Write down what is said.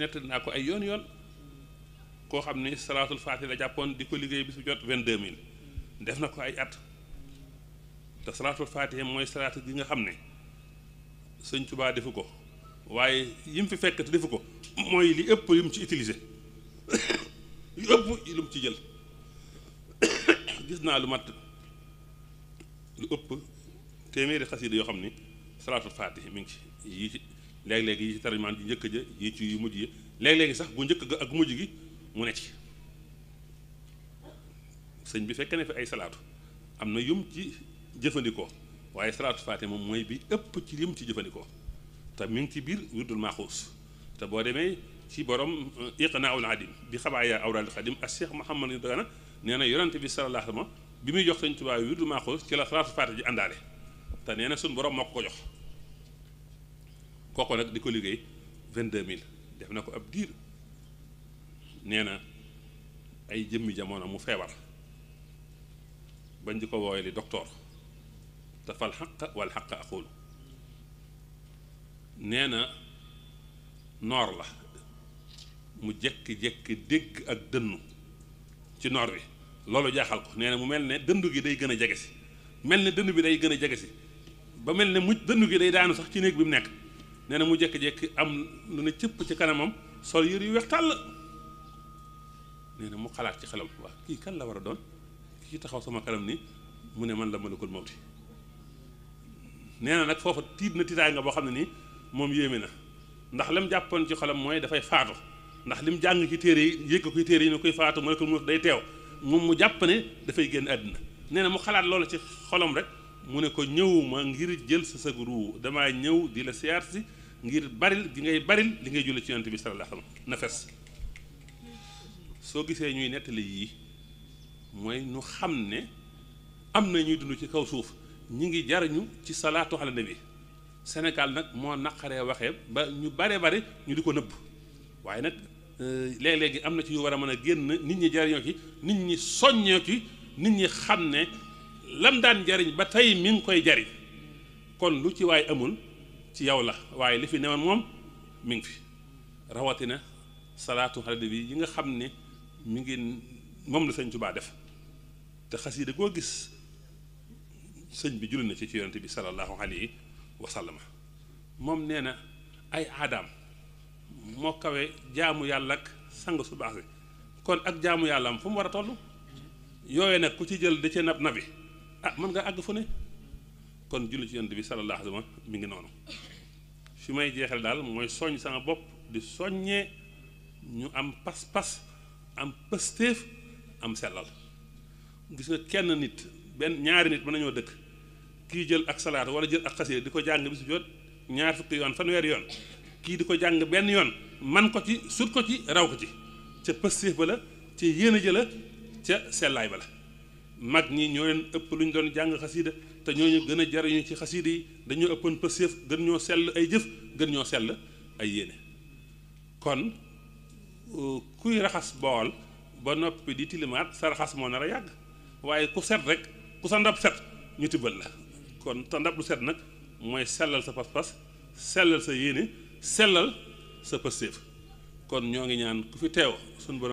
nettali naa ko ay yoon yoon koo xam ni salaatul faati la jàppoon di ko liggéey bi su jot vingt-deux mille def na ko ay at te salaatul faati mooy salaatu gi nga xam ne sëñ Tuubaa defu ko waaye yim fi fekk te defu li ëpp yim ci utiliser li ci jël gis naa lu mat lu ëpp téeméeri xasida yoo xam ni salaatul faati mi ci yii ci léeg-léeg yi ci tarimaan ji njëkk ja yi ci yu mujj yi léeg-léegi sax bu njëkk ga ak mujj gi mu ne ci sëñ bi fekke na fi ay salaatu am na yum ci jëfandikoo waaye salaatu faate moom mooy bi ëpp ci yum ci jëfandikoo te mi ngi ci biir wirdul maaxuus te boo demee ci borom na eh, aw iqnaul adim bi xabaaya awraadul xadim ak Cheikh Mouhamadou Dagana nee na yonante bi sallallahu alayhi wa bi muy jox sëñ Tuubaa wirdul maaxuus ci la salaatu faate ji àndaale te nee na suñ borom moo ko jox kooku nag di ko liggéey vingt-deux mille def na ko ab diir nee na ay jëmmi jamono mu feebar bañ di ko wooye li doktoor te fal xaq wal xaq aqulu nee na noor la mu jekki-jekki dégg ak dënnu ci noor bi loolu jaaxal ko nee na mu mel ne dënd gi day gën a jege si mel ne dënd bi day gën a jege si ba mel ne mujj dënd gi day daanu sax ci néeg bi mu nekk nee na mu jékki-jékki am lu ne cëpp ci kanamam sol yër yu weex tàll nee na mu xalaat ci xelam kan la war a doon kii taxaw sama kanam ni mu ne man la malakul mawti nee na nag foofa tiit na tiitaay nga boo xam ne nii moom yéeme na ndax lam jàppoon ci xolam mooy dafay faatu ndax lim jàng ci téere yi yëg ko yi ne koy faatu malakul mawti day teew moom mu dafay génn àddina nee na mu xalaat loolu ci xolom rek mu ne ko ñëwuma ngir jël sa sag ruu damaa ñëw di la siyaar si ngir baril gi ngay baril li ngay julli ci yonent bi sallallahu alayhi wa sallam fes soo gisee ñuy nettali yii mooy ñu xam ne am na ñuy dund ci kaw suuf ñu ngi jariñu ci salaatu ala nabi Sénégal nag moo naqaree waxee ba ñu bare bare ñu di ko nëbb waaye nag euh, léeg-léegi am na ci ñu war a mën a génn nit ñi jariñoo ci nit ñi soññoo ci nit ñi xam ne lam daan jariñ ba tey mi ngi koy jariñ kon lu ci waay amul ci yow la waaye li fi newoon moom mi ngi fi rawatina salaatu xalid bi yi nga xam ni mu ngi moom la sëñ Tuubaa def te xasida koo gis sëñ bi julli na ci ci yonent bi sallallahu alayhi wa sallama moom nee na ay aadaam moo kawe jaamu yàlla ak sang su baax si kon ak jaamu yàlla am fu mu war a tollu yooyu nag ku ci jël da cee nab nabi ah mën nga àgg fu ne kon julli ci yonent bi sallallahu alayhi wa mi ngi noonu fi may jeexee daal mooy soññ sama bopp di soññee ñu am pas-pas am pëstéef am sellal gis nga kenn nit benn ñaari nit mën nañoo dëkk kii jël ak salaat wala jël ak xasee di ko jàng bisu jot ñaar fukki yoon fanweeri yoon kii di ko jàng benn yoon man ko ci sut ko ci raw ko ci ca pëstéef ba la ca yéene ja la ca sellaay ba la mag ñi ñoo leen ëpp lu ñu doon jàng xasiida te ñooñu gën a jariñu ci xasiida yi dañoo ëppoon pëseef gën ñoo sell ay jëf gën ñoo sell ay yéene kon euh, kuy raxas bool ba noppi di tilimaat sa raxas moo nar a yàgg waaye ku set rek ku sa ndab set ñu tibbal la kon sa ndab lu set nag mooy sellal sa pas-pas sellal sa yéene sellal sa pëseef kon ñoo ngi ñaan ku fi teew suñu